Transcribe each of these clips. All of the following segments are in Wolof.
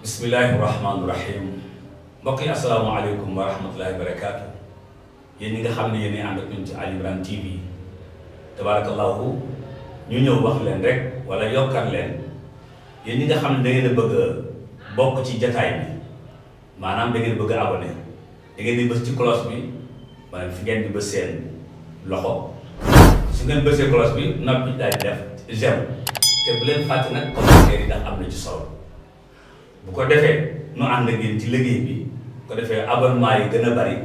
bismillaahi rahmaani rahiim mbokk yi asalaamaaleykum wa rahmatullaahi wa barakaatu yéen nga xam ne yéen ànd ak ñun TV tabaarakallaahu ñu ñëw wax leen rek wala yokkar leen yéen nga xam ne da ngeen a bëgg ci jataay bi maanaam da ngeen bëgg a abonné da ngeen di bës ci bi maanaam fi ngeen di seen loxo su ngeen bësee cloche bi noppi daal di def j'aime te bu leen fàtte nag commentaire yi ndax bu ko defee nu ànd ak yéen ci bu ko defee abonnement yi gën bari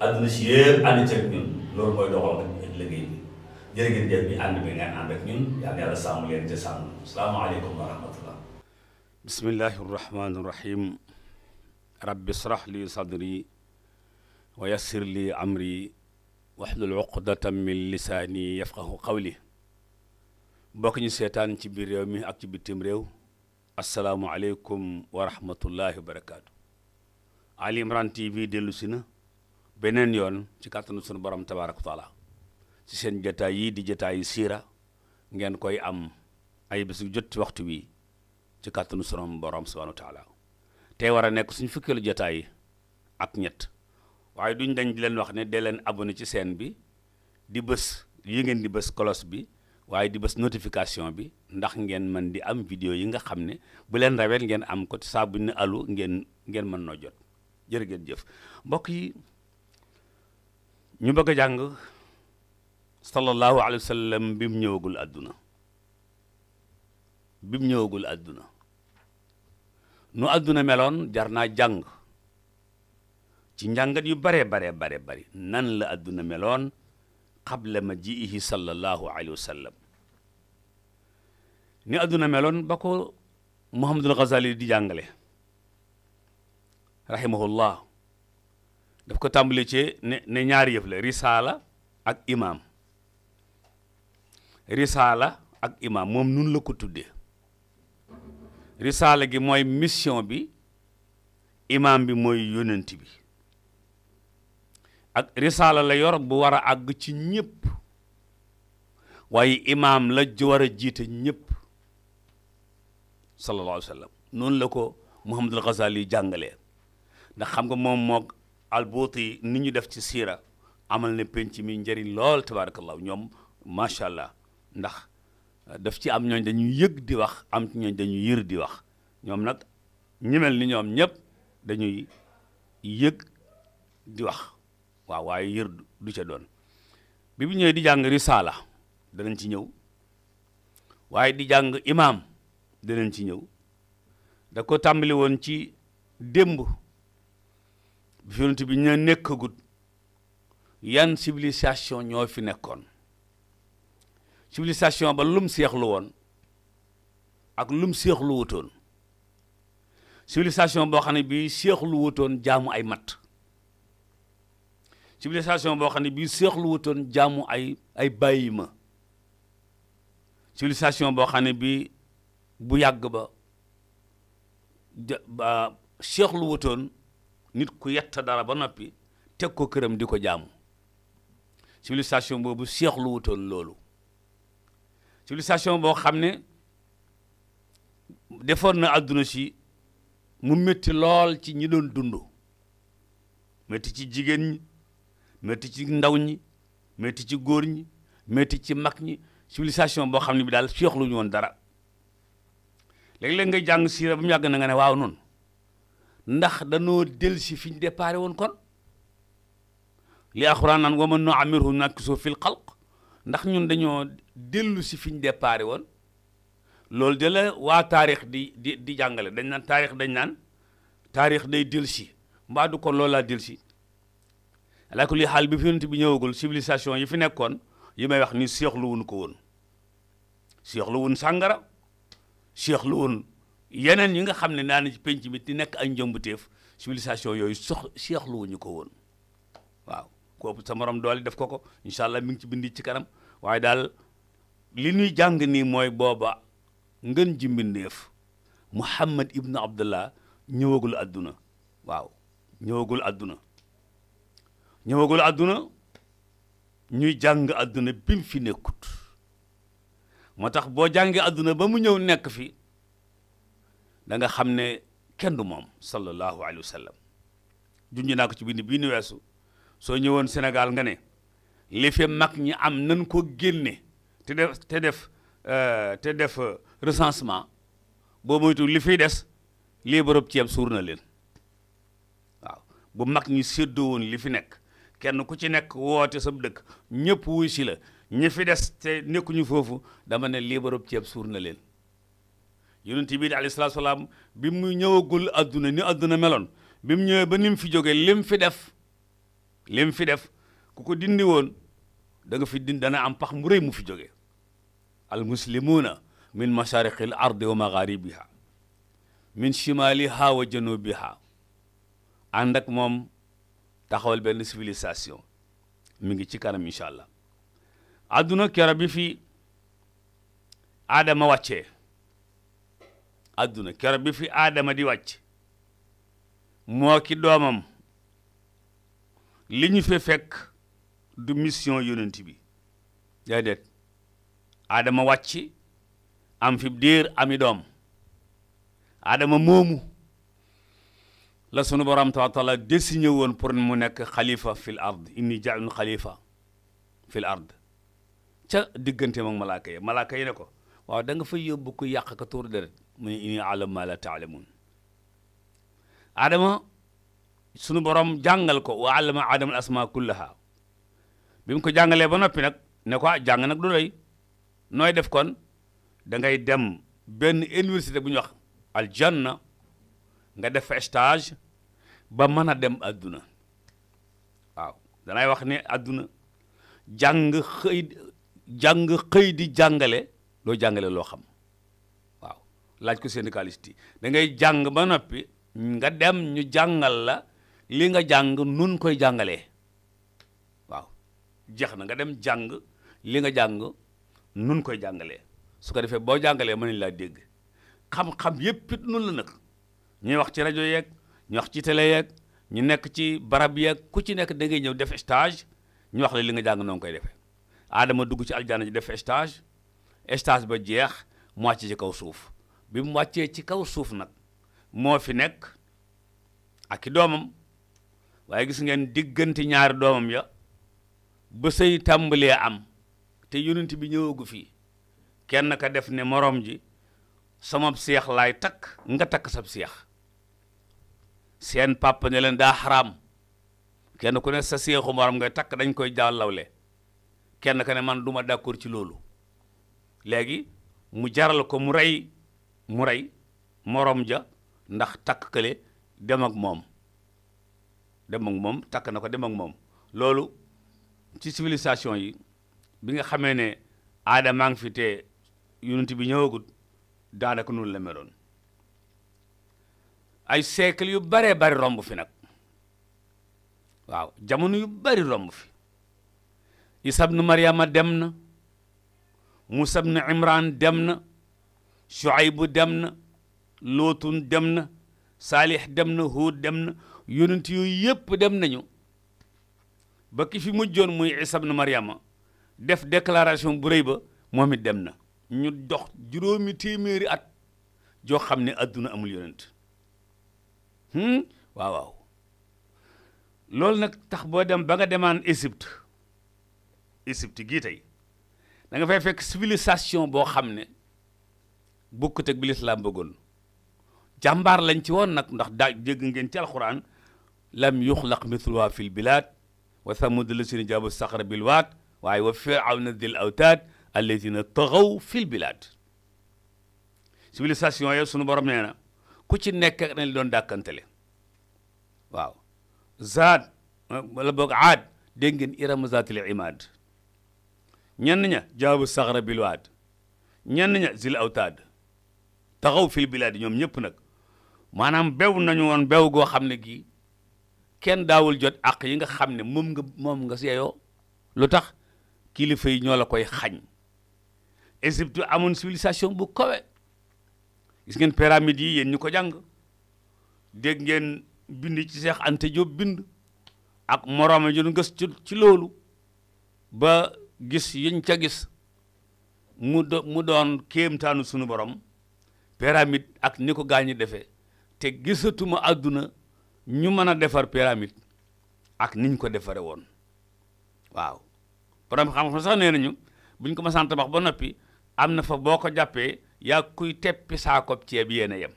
àdduna si yëpp ànd ci ak mooy doxal ak liggéey bi jërë ngeen jëf bi ànd bi ngeen ànd ak leen te sàmm salaamaaleykum wa rahmatullah bismillahi rahmaani rahim rabbi srah li sadri wa li amri waxlul uqdatan min lisaani yafqahu qawli mbokk ñu seetaan ci biir réew mi ak ci bitim réew asalaamualeykum wa rahmatullahi wa barakaatu. Ali TV dellu na beneen yoon ci kàttanu sunu borom tabaaraka taala ci seen jotaay yi di jotaay siira ngeen koy am ay bés yu jot waxtu wi ci kàttanu sunu borom subhaanahu wa taala tey war a nekk suñu fukkeelu jotaay ak ñett waaye duñ dañ leen wax ne dee leen abonné ci seen bi di bës yi ngeen di bës kolos bi. waaye di bës notification bi ndax ngeen mën di am vidéo yi nga xam ne bu leen rawet ngeen am ko saa bu ne alu ngeen ngeen mën noo jot jërë ngeen jëf mbokk yi ñu bëgg a jàng sallallahu alayhi wa sallam bi mu ñëwagul àdduna bi mu ñëwagul àdduna nu àdduna meloon jar naa jàng ci njàngat yu bare bare bare bari nan la àdduna meloon xab qabla ma ji sallallahu alayhi wa sallam ni àdduna meloon ba ko Muhammadul Ghazali di jàngale rahimahullah daf ko tàmbali ci ne ne yëf la risaala ak imaam risaala ak imaam moom nun la ko tuddee risaala gi mooy mission bi imaam bi mooy yónnent bi ak risaala la yor bu war a àgg ci ñëpp waaye imaam la war a jiite ñëpp sallallahu alayhi wa sallam noonu la ko Muhammadul Ghazali jàngale ndax xam nga moom moog albuuti ni ñu def ci siira amal na penc mi njëriñ lool tabaarakallah ñoom macha allah ndax euh, daf ci am ñooñ dañuy yëg di wax am ci ñooñ dañuy yër di wax ñoom nag ñi mel ni ñoom ñëpp dañuy yëg di wax waaw waaye yër du ca doon bi bu ñëwee di jàng risaala danañ ci ñëw waaye di jàng imaam dinañ ci ñëw da ko tàmbali woon ci démb bi yonent bi ñu nekkagut yan civilisation ñoo fi nekkoon civilisation ba lum seexlu woon ak lum seexlu wutoon civilisation boo xam ne bii seexlu wutoon jaamu ay matt civilisation boo xam ne bii seexlu wutoon ay ay bàyyi ma civilisation boo xam ne bii bu yàgg ba ba cheikh wutoon nit ku yett dara ba noppi teg ko këram di ko jaamu civilisation boobu cheikh lu wutoon loolu civilisation boo xam ne defoon na àdduna si mu métti lool ci ñi doon dund metti ci jigéen ñi métti ci ndaw ñi metti ci góor ñi metti ci mag ñi civilisation boo xam ne bi daal seexluñu woon dara léeg-léeg nga jàng siira ba mu yàgg na ne waaw nun ndax danoo del si fi ñu déparé woon kon li alxuraan naan wa man nu'ammirhu nakkisu fil xalq ndax ñun dañoo dellu si fi ñu déparé woon loolu de waa taarix di di di jàngale dañ naan taarix dañ naan taarix day del si mbaa du kon loolu laa del si ala kulli xaal bi fi yonent bi ñëwagul civilisation yi fi nekkoon yi may wax ni seexlu wuñ ko woon seexlu wuñ sàngara cheikh lu yeneen yi nga xam ne naa na ci penc mi di nekk ay njëmbuteef civilisation yooyu sox cheikh lu ñu ko woon waaw kooku sa morom doole def ko ko incha allah mi ngi ci bindi ci kanam waaye daal li ñuy jàng nii mooy booba ngën ji mbindeef Muhammad ibnu Abdullah ñëwagul adduna waaw ñëwagul adduna ñëwagul adduna ñuy jàng adduna bi fi nekkut moo tax boo jàngee àdduna ba mu ñëw nekk fi danga xam ne kenn du moom sallallahu alayhi wa sallam junj naa ko ci bind bii ni weesu soo ñëwoon Sénégal nga ne li fi ñi am nan ko génne te def te def euh, te def euh, recensement boo moytu li fiy des lii bërëb ceeb suur na leen waaw bu mag ñi séddoo woon li fi nekk kenn ku ci nekk woote sa dëkk ñëpp wu si la ñi fi des te nekkuñu foofu dama ne liibarub ceeb suur na leen yonent bi alayhi salaatu salaam bi mu ñëwagul adduna ni adduna meloon bi mu ba ni fi jógee lim fi def lim fi def ku ko dindi woon da fi dindi dana am pax mu rëy mu fi jógee al muslimuuna min mashariqi l ardi wa magharibiha min shimaliha wa janubiha ànd ak moom taxawal benn civilisation mi ngi ci kanam incha allah àdduna kera bi fi aadama wàccee àdduna kera bi fi aadama di wàcc moo ki doomam li ñu fi fekk du mission yonent bi déedéet aadama wàcc am fi diir ami doom aadama moomu la sunu borom tawa taala désigné woon pour mu nekk xalifa fil ard inni ja'un xalifa fil ard ca diggante ak malaaka yi malaaka yi ne ko waaw da nga fay yóbbu ku yàq ka tuur deret mu ne ini alam ma la adama sunu borom jàngal ko wa allama adama al asma kullaha bi mu ko jàngalee ba noppi nag ne ko ah, jàng nag du nooy def kon da ngay dem benn université bu ñu wax aljanna nga def stage ba mën a dem adduna waaw danay wax ne adduna jàng xëy jàng xëy di jàngale loo jàngale loo xam waaw laaj ko syndicaliste yi da jàng ba noppi nga dem ñu jàngal la li nga jàng nun koy jàngalee waaw na nga dem jàng li nga jàng nun koy jàngalee su ko defee boo jàngalee mën nañ laa dégg xam-xam yépp it nun la nag ñuy wax ci rajo yeeg ñu wax ci télé yeeg ñu nekk ci barab yeeg ku ci nekk da ngay ñëw def stage ñu wax la li nga jàng noon koy defee aadama dugg ci aljana ji def stage stage ba jeex mu wàcc ci kaw suuf bi mu wàccee ci kaw suuf nag moo fi nekk ak i doomam waaye gis ngeen diggante ñaari doomam ya ba sëy tàmbalee am te yonent bi ñëwagu fii kenn ka def ne morom ji sama seex laay takk nga takk sab seex seen papa ne leen daa xaraam kenn ku ne sa seexu morom ngay takk dañ koy jàllawle kenn ka ne man duma ma ci loolu léegi mu jaral ko mu rey mu rey moroom ja ndax takk kële dem ak moom dem moom takk na ko dem ak moom loolu ci civilisation yi bi nga xamee ne aada maa ngi fi te yonent bi ñëwagut daanaka noonu la meloon ay siècle yu baree bari romb fi nag waaw jamono yu bari romb fi isa bnu maryama dem na musa bnu imran dem na shuaybu dem na lootun dem na saalix dem na huud dem na yonent yooyu yépp dem nañu ba ki fi mujjoon muy isa bnu maryama def déclaration bu rëy ba moom it dem na ñu dox juróomi téeméeri at joo xam ne àdduna amul yonent hmm? waaw waaw loolu nag tax boo dem ba nga demaan Égypte Égypte gii tey danga fay fekk civilisation boo xam ne bokkut ak bi lislaam bëggoon jàmbaar lañ ci woon nag ndax daa jégg ngeen ci lam yuxlaq mithluha fil bilaad wa samud lasina jaabu saxra bilwaat waaye wa firawna dil awtaad alladina taxaw fil bilaad civilisation yooyu sunu borom nee na ku ci nekk ak nañ doon dàkkantele waaw zaad wala boog aad dégg ngeen iram zaatil imaad ñenn ña jaabu saxara bilwaad ñenn ña zil awtaad taxaw fil bilaad ñoom ñëpp nag maanaam bew nañu woon bew goo xam ne gi kenn daawul jot àq yi nga xam ne moom nga moom nga seeyoo lu tax kilifa yi ñoo la koy xañ Égypte amoon civilisation bu kowe gis ngeen pyramide yi yéen ñu ko jàng dégg ngeen bind ci Seex Anta Jóob bind ak moroom ju gës ci loolu ba gis yiñ ca gis mu do mu doon kéemtaanu sunu borom pyramide ak ni ko gaa ñi defee te gisatuma àdduna ñu mën a defar pyramide ak niñ ko defare woon waaw borom xam-xam sax nee nañu buñ ko ma masaan tabax ba noppi am na fa boo ko jàppee yaa kuy teppi saakob ceeb yéen a yem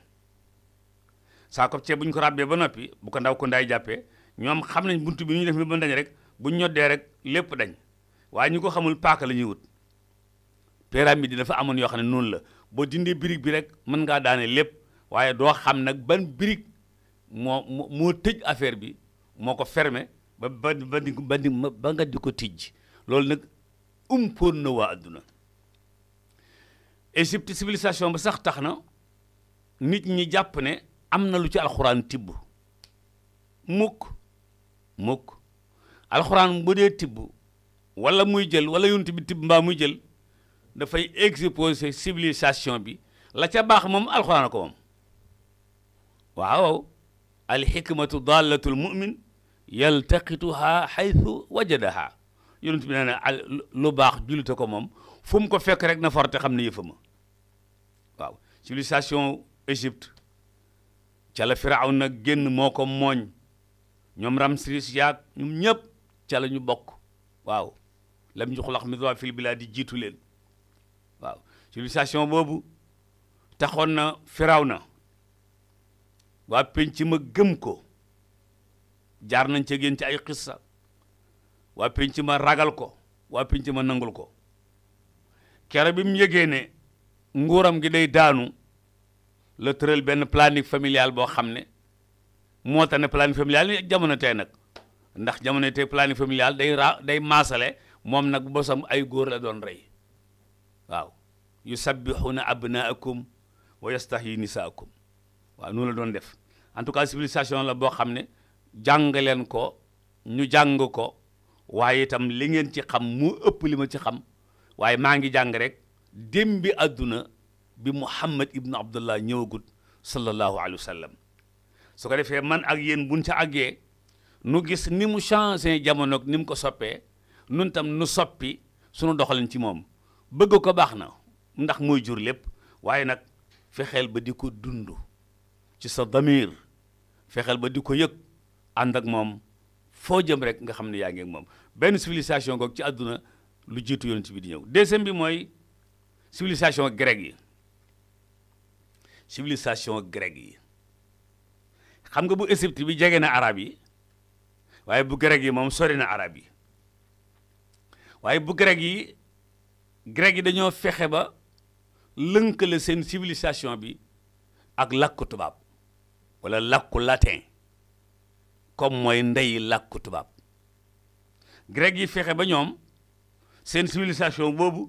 saakob ceeb bu ñu ko ràbbee ba noppi bu ko ndaw ko ndaay jàppee ñoom xam nañ bunt bi ñu def mi ba dañ rek bu ñoddee rek lépp dañ waaye ñu ko xamul paaka la ñuy wut bi di dafa amoon yoo xam ne noonu la boo dindee birig bi rek mën ngaa daane lépp waaye doo xam nag ban birig moo moo tëj affaire bi moo ko fermé ba ba ba ba nga di ko tijj loolu nag umpoon na waa àdduna Égypte civilisation ba sax tax na nit ñi jàpp ne am na lu ci alxuraan tibb mukk mukk alxuraan bu dee tibb wala muy jël wala yonent bi tibb mbaa muy jël dafay exposer civilisation bi la ca baax moom alxuraan ko moom waaw alxikmatu dallatul mumin yaltaqituha xaytu wajadaha yonent bi nee na lu baax jullite ko moom fu ko fekk rek na forte xam ne yëfama waaw civilisation Égypte ca la firawn nag génn moo ko mooñ ñoom Ramsis yaag ñoom ñëpp ca la ñu bokk waaw la ñu xulax mi fil bilaa di jiitu leen waaw boobu taxoon na firaw na waa penc ma gëm ko jaar nañ ca génn ci ay xissa waa penc ma ragal ko waa penc ma nangul ko kere bi mu yëgee ne nguuram gi day daanu la tëral benn planning familial boo xam ne moo tax ne planning familial jamono tey nag ndax jamono tey planning familial day day maasale moom nag bosam ay góor la doon rey waaw yusabbihuna abnaakum wa yastahyi nisaakum waaw noonu la doon def en tout cas civilisation la boo xam ne jàng leen ko ñu jàng ko waaye itam li ngeen ci xam mu ëpp li ma ci xam waaye maa ngi jàng rek dém bi àdduna bi muhammad ibnu abdullah ñëwagut sallallahu alayhi wa sallam su ko defee man ak yéen buñ ca àggee nu gis ni mu changé jamono ni mu ko soppee nun tam nu soppi sunu doxalin ci moom bëgg ko baax na ndax mooy jur lépp waaye nag fexeel ba di ko dund ci sa damir fexeel ba di ko yëg ànd ak moom foo jëm rek nga xam ne yaa ngi moom benn civilisation goog ci àdduna lu jiitu yonent bi di ñëw bi mooy civilisation grecque yi civilisation grecque yi xam nga bu Égypte bi jege na arab yi waaye bu grec yi moom sori na arab yi waaye bu grec yi grec yi dañoo fexe ba lënkale seen civilisation bi ak làkku tubaab walla làkku latin comme mooy ndey làkku tubaab grec yi fexe ba ñoom seen civilisation boobu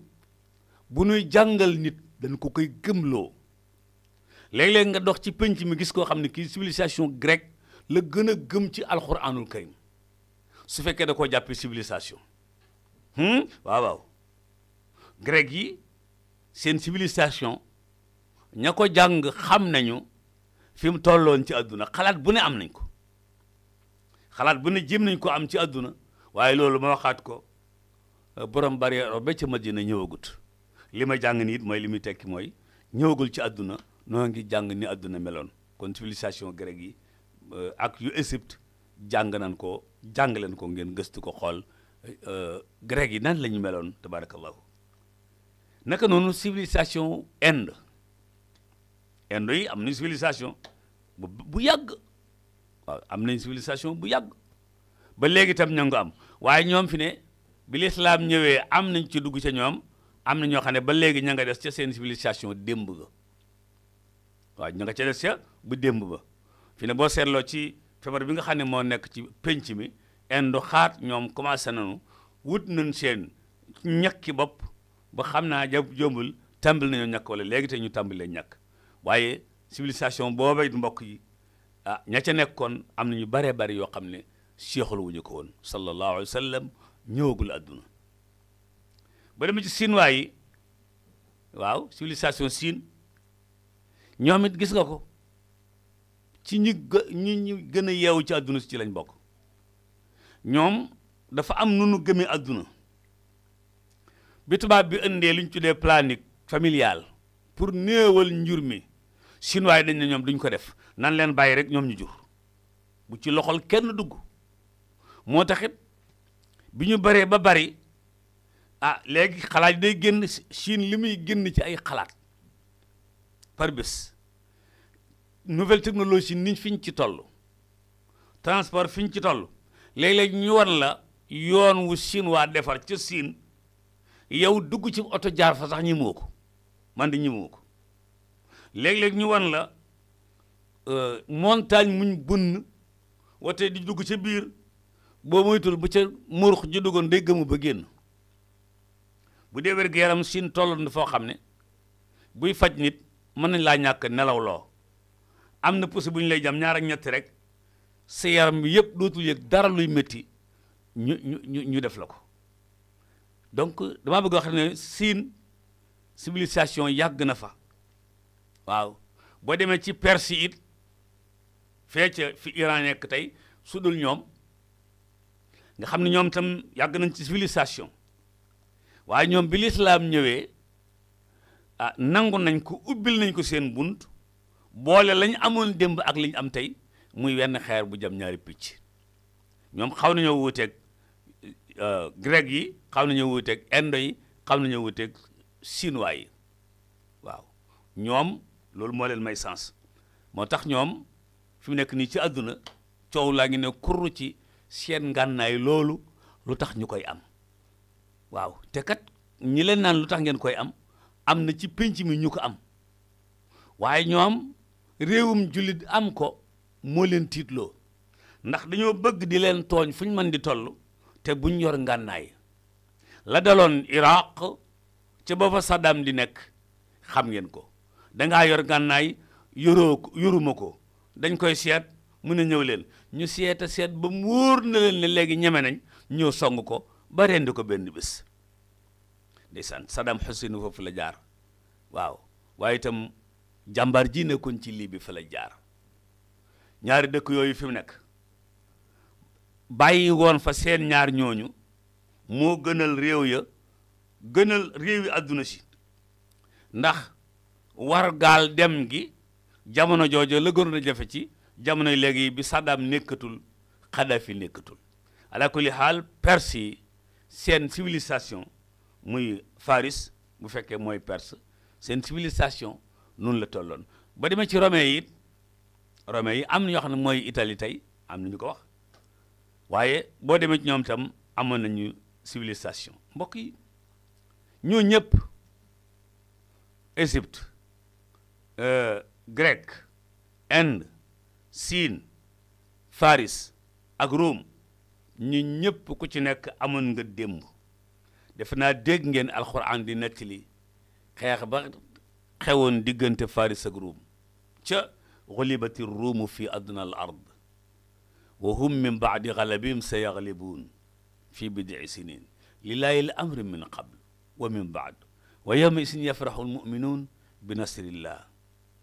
bu nuy jàngal nit dañ ko koy gëmloo léeg-léeg nga dox ci pénc mi gis koo xam ne kii civilisation grecque la gën a gëm ci alxuraanul karim su fekkee da ko jàppee civilisation Hmm? waaw waaw grec yi seen civilisation ña ko jàng xam nañu fi mu tolloon ci àdduna xalaat bu ne am nañ ko xalaat bu ne jéem nañ ko am ci àdduna waaye loolu ma waxaat ko euh, borom barrière ba ca Madina ñëwagut li ma jàng nii it mooy li muy tekki mooy ñëwagul ci àdduna noo ngi jàng ni àdduna meloon kon civilisation grec yi euh, ak yu Égypte jàng nañ ko jàng leen ko ngeen gëstu ko xool Euh, grec yi nan la ñu meloon tabarakallahu naka noonu civilisation Inde Inde yi am na civilisation bu bu yàgg am nañ civilisation bu yàgg ba léegi itam ña nga am waaye ñoom fi ne bi ñëwee am nañ ci dugg ca ñoom am na ñoo xam ne ba léegi ña nga des ca seen civilisation démb ga waa ña nga ca des ca bu démb ba fi ne boo seetloo ci feebar bi nga xam ne moo nekk ci pénc mi indu xaat ñoom commencé nañu wut nañ seen ñakki bopp ba xam naa jàpp jombul tàmbali nañoo ñàkk wala léegi te ñu tàmbali leen ñàkk waaye civilisation booba it mbokk yi ah ña ca nekkoon am na ñu baree bari yoo xam ne seexul wuñu ko woon sallallahu alayhi wa sallam àdduna ba demee waaw civilisation Siin ñoom gis nga ko ci ñi ñi ñu gën a yeewu ci àdduna si ci lañ bokk ñoom dafa am nu nu gëmee àdduna bi tubaab bi indee lu ñu tuddee planning familial pour néewal njur mi chinois yi dañ ne ñoom duñ ko def nan leen bàyyi rek ñoom ñu jur bu ci loxol kenn dugg moo taxit bi ñu baree ba bari ah léegi xalaat day génn Chine li muy génn ci ay xalaat par bés nouvelle technologie niñ fiñ ci tollu transport fiñ ci toll léeg-léeg ñu wan la yoon wu siin waa defar ca siin yow dugg ci oto jaar fa sax ñi moo ko man di ñi ko léeg-léeg ñu wan la euh, montagne muñ bunn wate di dugg ca biir boo moytul bu ca murux ji duggoon day gëmu ba génn bu dee wér gu yaram siin tolloon na foo xam ne buy faj nit mën nañ laa ñàkk nelaw loo am na pusi bu ñu lay jam ñaar ak ñetti rek sa yaram bi yëpp dootul yëg dara luy métti ñu ñu ñu def la ko donc damaa bëgg wax ne siin civilisation yàgg na fa waaw boo demee ci Perse it fee ca fi Iran nekk tey su dul ñoom nga xam ne ñoom itam yàgg nañ ci civilisation waaye ñoom bi lislaam ñëwee ah nangu nañ ko ubbil nañ ko seen bunt boole lañ amoon démb ak liñ am tey muy wenn xeer bu jam ñaari picc ñoom xaw nañoo wuuteeg euh, grec yi xaw nañoo wuuteeg indo yi xaw nañoo wuuteeg chinois yi waaw ñoom loolu moo leen may sens moo tax ñoom fi mu nekk nii ci àdduna coow laa ngi ne kurru ci seen ngànnaay loolu lu tax ñu koy am waaw te kat ñi leen naan lu tax ngeen koy am am na ci pénc mi ñu ko am waaye ñoom réewum jullit am ko moo leen tiitloo ndax dañoo bëgg di leen tooñ fu ñu mën di toll te buñ yor ngànnaay la daloon Iraq ca ba fa Saddam di nekk xam ngeen ko dangaa yor ngànnaay yoroo yoruma ko dañ koy seet mu ne ñëw leen ñu seet a seet ba mu wóor na leen ne léegi ñeme nañ ñëw song ko ba rendi ko benn bés sant Saddam Hussein foofu la jaar waaw waaye itam jàmbaar ji nekkoon ci lii bi fa la jaar ñaari dëkk yooyu fi mu nekk bàyyi woon fa seen ñaar ñooñu moo gënal réew ya gënal réewi àdduna si ndax war gaal dem gi jamono joojo la gënoon a jafe ci jamono léegi bi Saddam nekkatul Kadhafi nekkatul ala kulli xaal Perse yi seen civilisation muy Faris bu fekkee mooy Perse seen civilisation noonu la tolloon ba demee ci Romain yi rome yi am na ñoo xam ne mooy Italie tey am na ñu ko wax waaye boo demee ci ñoom itam amoon nañu civilisation mbokk yi ñoo ñëpp Égypte euh, grec Inde Siin Faris ak Rome ñu ñëpp ku ci nekk amoon nga démb defe naa dégg ngeen alxuraan di nettali xeex ba xewoon diggante Faris ak Rome غلبت الروم في أدنى الأرض وهم من بعد غلبهم سيغلبون في بضع سنين لله الأمر من قبل ومن بعد ويومئذ يفرح المؤمنون بنصر الله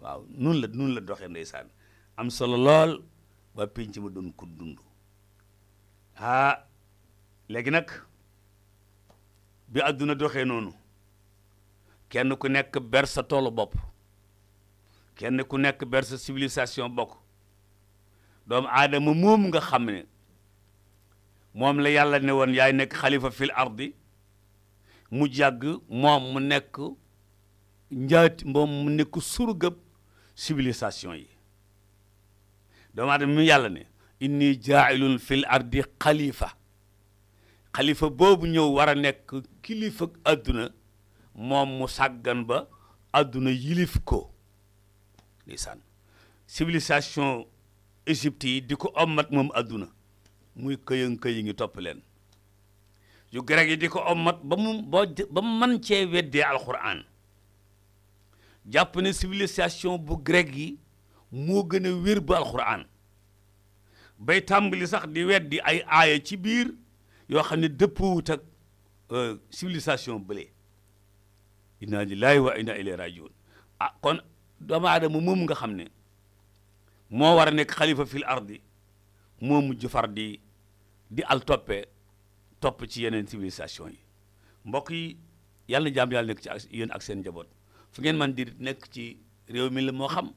waaw nun la nun la doxee ndeysaan am solo lool ba pénc ma doon ko dund ah léegi nag bi àdduna doxee noonu kenn ku nekk ber sa toolu bopp kenn ku nekk ber sa civilisation bokk doomu aadama moom nga xam ne moom la yàlla ne woon yaay nekk xalifa fi ardi mu jàgg moom mu nekk njaati moom mu nekk surgëb civilisation yi doomu aadama mi yàlla ne inni jaailun fil ardi xalifa xalifa boobu ñëw war a nekk kilifa àdduna moom mu sàggan ba àdduna yilif ko ndeysaan civilisation égypte yi di ko ommat moom àdduna muy këyën këyi ngi topp leen yu grec yi di ko ommat ba mu boo ba mu mën cee weddee alquran jàpp ne civilisation bu grec yi moo gën a wér bu alquran bay tàmbali sax di weddi ay aaya ci biir yoo xam ne dëppwut ak euh, civilisation bële inna lillahi wa inna ilayhi rajiun ah kon doomu aadama mu nga xam ne moo war a nekk xalifa fil ardi moo mujj far di di al toppee topp ci yeneen civilisation yi mbokk yi yàlla na jàmm yàlla nekk ci ak yéen ak seen njaboot fu ngeen man di nekk ci réew mi la moo xam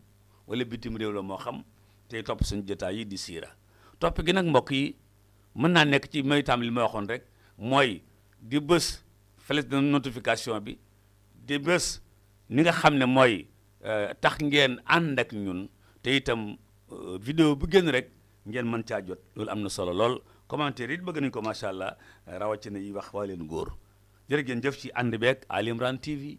wala bitim réew la moo xam tey topp suñu jotaay yi di siira topp gi nag mbokk yi mën naa nekk ci may tam li ma waxoon rek mooy di bës flèche de notification bi di bës ni nga xam ne mooy Euh, tax ngeen ànd ak ñun te itam euh, vidéo bu génn rek ngeen mën caa jot loolu am na solo lool commentaire it bëgg nañ ko macha allah rawatina yi wax waa leen góor jërë ngeen jëf ci ànd beeg Ali Imran TV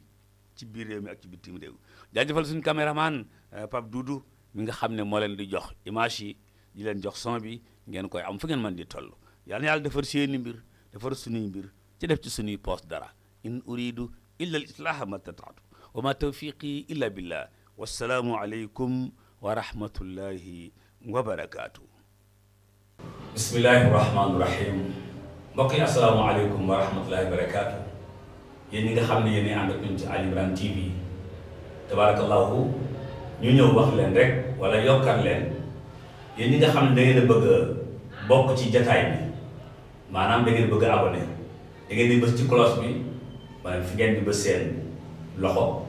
ci biir réew mi ak ci bitim réew jaajëfal suñu caméraman euh, Pape Doudou mi nga xam ne moo leen di jox image yi di leen jox son bi ngeen koy am fu ngeen mën di toll yal na yàlla defar seeni mbir defar suñuy mbir ci def ci suñuy poos dara in uridu illa al wa ma tawfiqi illa billah wassalaamu aleykum wa rahmatullahi wa barakaatu bismillahi rahmaani rahim mbokk yi assalaamu aleykum wa rahmatullahi wa barakaatu yéen ñi nga xam ne yéen ànd ak ñun ci Ali Imran TV tabarakallahu ñu ñëw wax leen rek wala yokkar leen yéen ñi nga xam ne da ngeen a bëgg a bokk ci jataay bi maanaam da ngeen bëgg a abonné da ngeen di bës ci cloche bi maanaam fi ngeen di bës seen loxo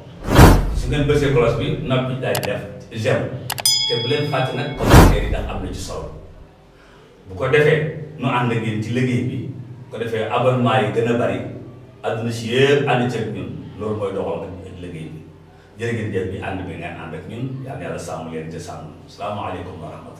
su ngeen bësee bi noppi daay def j'aime te bu leen fàtte nag na ci solo bu ko defee nu ànd ngeen ci liggéey bi bu ko defee abonnement yi gën a bari àdduna si yëpp ànd ceeg ñun loolu mooy doxal ak liggéey bi jërë ngeen jëf bi ànd bi ngeen ànd ak ñun yàlla yàlla sàmm leen ca sàmm salaamaaleykum wa rahmatulah